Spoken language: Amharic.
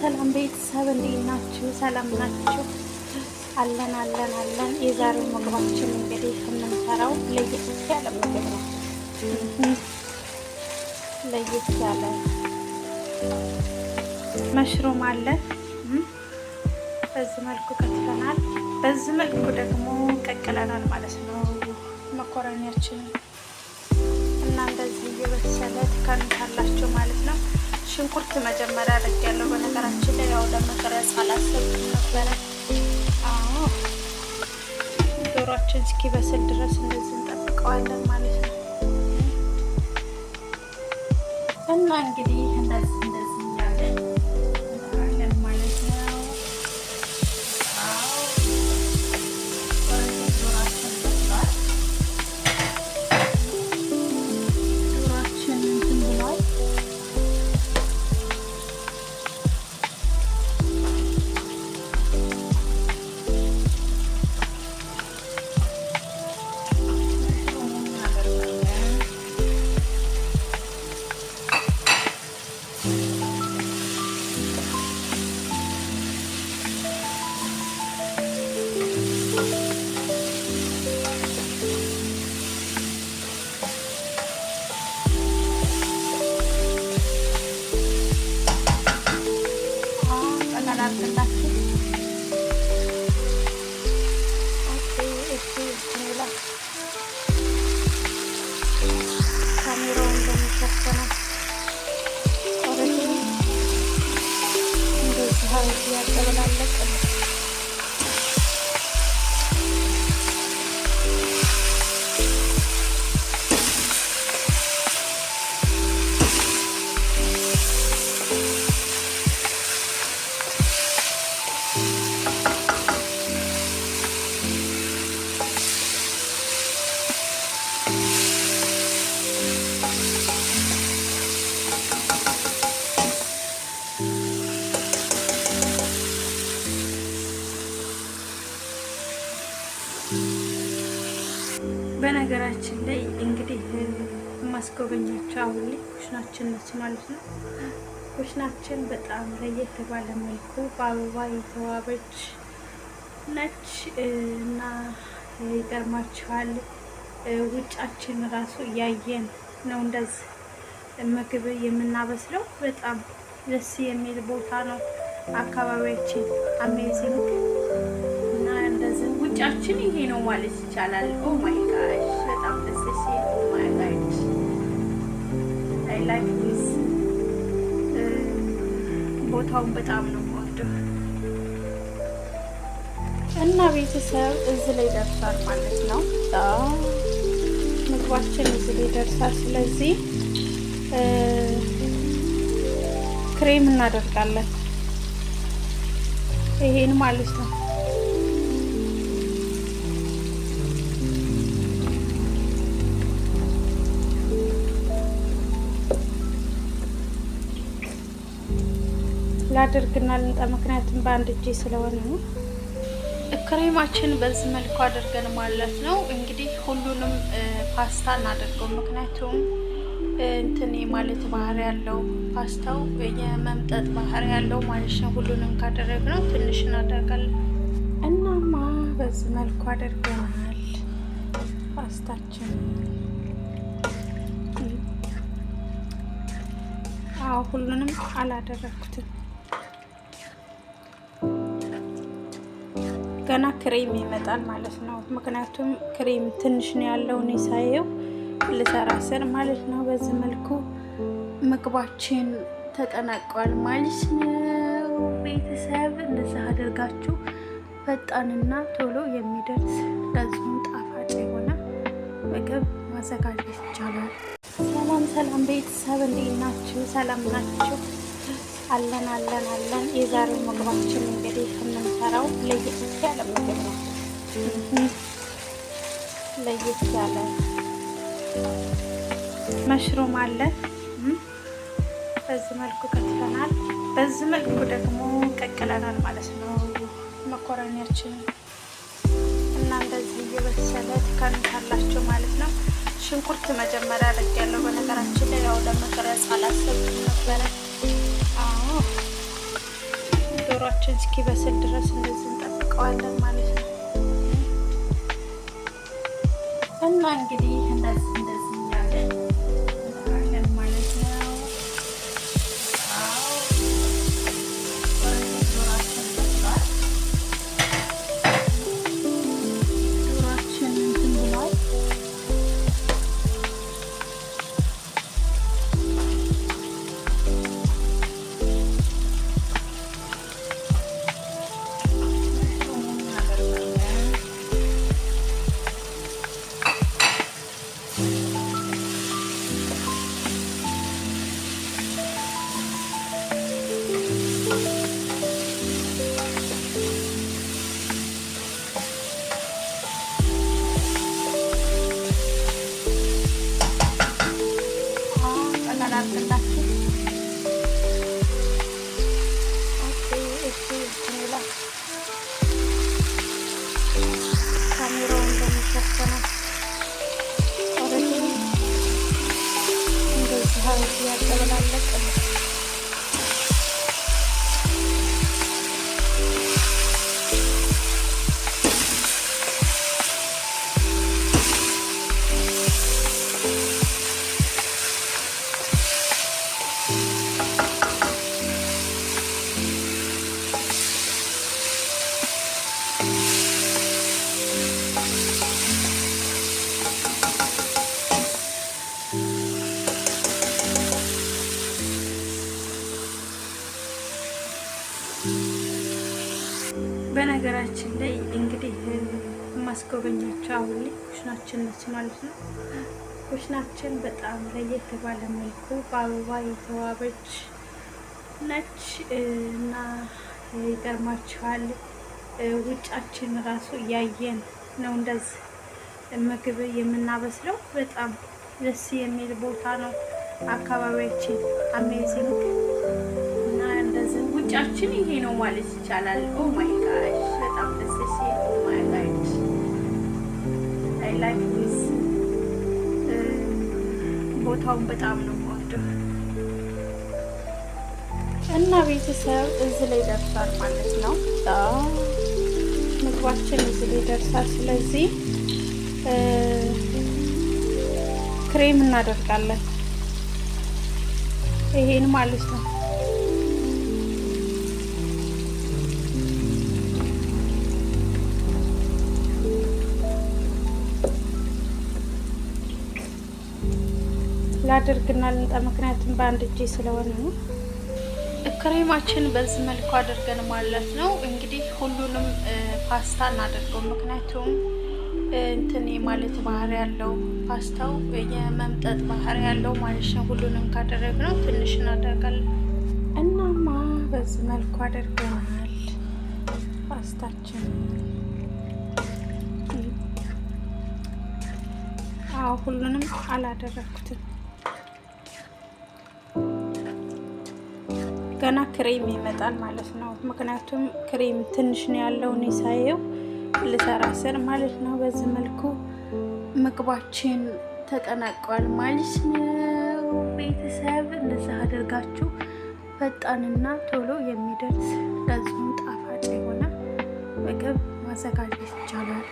ሰላም ቤተሰብ እንዴት ናችሁ? ሰላም ናችሁ? አለን አለን አለን። የዛሬው ምግባችን እንግዲህ የምንሰራው ለየት ያለ ምግብ ነው። ለየት ያለ መሽሮም አለን። በዚህ መልኩ ከትፈናል። በዚህ መልኩ ደግሞ ቀቅለናል ማለት ነው መኮረኒያችንን እና እንደዚህ እየበሰለ ትከኑታላችሁ ማለት ነው። ሽንኩርት መጀመሪያ አድርግ ያለው በነገራችን ላይ ያው ለመቅረጽ አላሰብኩም ነበረ። ዶሯችን እስኪበስል ድረስ እንደዚህ እንጠብቀዋለን ማለት ነው እና እንግዲህ በነገራችን ላይ እንግዲህ የማስጎበኛቸው አሁን ላይ ኩሽናችን ነች ማለት ነው። ኩሽናችን በጣም ለየት ባለ መልኩ በአበባ የተዋበች ነች እና ይገርማችኋል፣ ውጫችን ራሱ እያየን ነው እንደዚህ ምግብ የምናበስለው። በጣም ደስ የሚል ቦታ ነው አካባቢያችን አሜዚንግ ምርጫችን ይሄ ነው ማለት ይቻላል። ኦ ማይ ጋሽ በጣም ደስ ሲል ኦ ማይ ጋሽ አይ ላይክ ዲስ ቦታውን በጣም ነው የምወደው እና ቤተሰብ እዚህ ላይ ደርሷል ማለት ነው። ምግባችን እዚህ ላይ ደርሷል። ስለዚህ ክሬም እናደርጋለን ይሄን ማለት ነው። አድርግና ልንጣ። ምክንያቱም በአንድ እጄ ስለሆነ ነው። ክሬማችን በዚህ መልኩ አድርገን ማለት ነው። እንግዲህ ሁሉንም ፓስታ እናደርገው፣ ምክንያቱም እንትን ማለት ባህር ያለው ፓስታው የመምጠጥ ባህር ያለው ማለት ነው። ሁሉንም ካደረግነው ትንሽ እናደርጋለን። እናማ በዚህ መልኩ አድርገናል ፓስታችን። አዎ ሁሉንም አላደረግኩትም። እንደገና ክሬም ይመጣል ማለት ነው። ምክንያቱም ክሬም ትንሽ ነው ያለው እኔ ሳየው ልሰራ ስር ማለት ነው። በዚህ መልኩ ምግባችን ተጠናቋል ማለት ነው። ቤተሰብ እንደዚህ አድርጋችሁ ፈጣንና ቶሎ የሚደርስ ለዚሁም ጣፋጭ የሆነ ምግብ ማዘጋጀት ይቻላል። ሰላም ሰላም ቤተሰብ እንዴት ናችሁ? ሰላም ናችሁ? አለን አለን አለን። የዛሬው ምግባችን እንግዲህ የምንሰራው ለየት ያለ ምግብ ነው። ለየት ያለ መሽሮም አለ። በዚህ መልኩ ከትፈናል። በዚህ መልኩ ደግሞ ቀቅለናል ማለት ነው መኮረኒያችን እና እንደዚህ እየበሰለ ትከኑታላችሁ ማለት ነው። ሽንኩርት መጀመሪያ ያለው በነገራችን ላይ ያው ለመቅረጽ አላሰብኩም ነበረ ዶሮአችን እስኪበስል ድረስ እንደዚህ እንጠብቀዋለን ማለት ነው እና እንግዲህ yeah, tell them I miss them. ላስጎበኛቸው አሁን ኩሽናችን ነች ማለት ነው። ኩሽናችን በጣም ለየት ባለ መልኩ በአበባ የተዋበች ነች እና ይገርማችኋል፣ ውጫችን ራሱ እያየን ነው እንደዚህ ምግብ የምናበስለው። በጣም ደስ የሚል ቦታ ነው። አካባቢያችን አሜዚንግ እና እንደዚህ ውጫችን ይሄ ነው ማለት ይቻላል። ኦ ማይ ጋሽ በጣም ደስ ሲል ማይ ጋሽ ላይፍ ዊዝ ቦታውን በጣም ነው የምወደው እና ቤተሰብ እዚህ ላይ ደርሷል ማለት ነው። ምግባችን እዚህ ላይ ደርሷል። ስለዚህ ክሬም እናደርጋለን ይሄን ማለት ነው። አድርግና ልንጣ። ምክንያቱም በአንድ እጄ ስለሆነ ነው። ክሬማችን በዚህ መልኩ አድርገን ማለት ነው። እንግዲህ ሁሉንም ፓስታ እናደርገው፣ ምክንያቱም እንትን ማለት ባህር ያለው ፓስታው የመምጠጥ ባህር ያለው ማለት ነው። ሁሉንም ነው ትንሽ እናደርጋለን። እናማ በዚህ መልኩ አድርገናል ፓስታችን። አዎ ሁሉንም አላደረግኩትም። ገና ክሬም ይመጣል ማለት ነው። ምክንያቱም ክሬም ትንሽ ነው ያለው እኔ ሳየው ልሰራ ማለት ነው። በዚህ መልኩ ምግባችን ተጠናቋል ማለት ነው። ቤተሰብ እንደዛ አድርጋችሁ ፈጣንና ቶሎ የሚደርስ ለዚሁም ጣፋጭ የሆነ ምግብ ማዘጋጀት ይቻላል።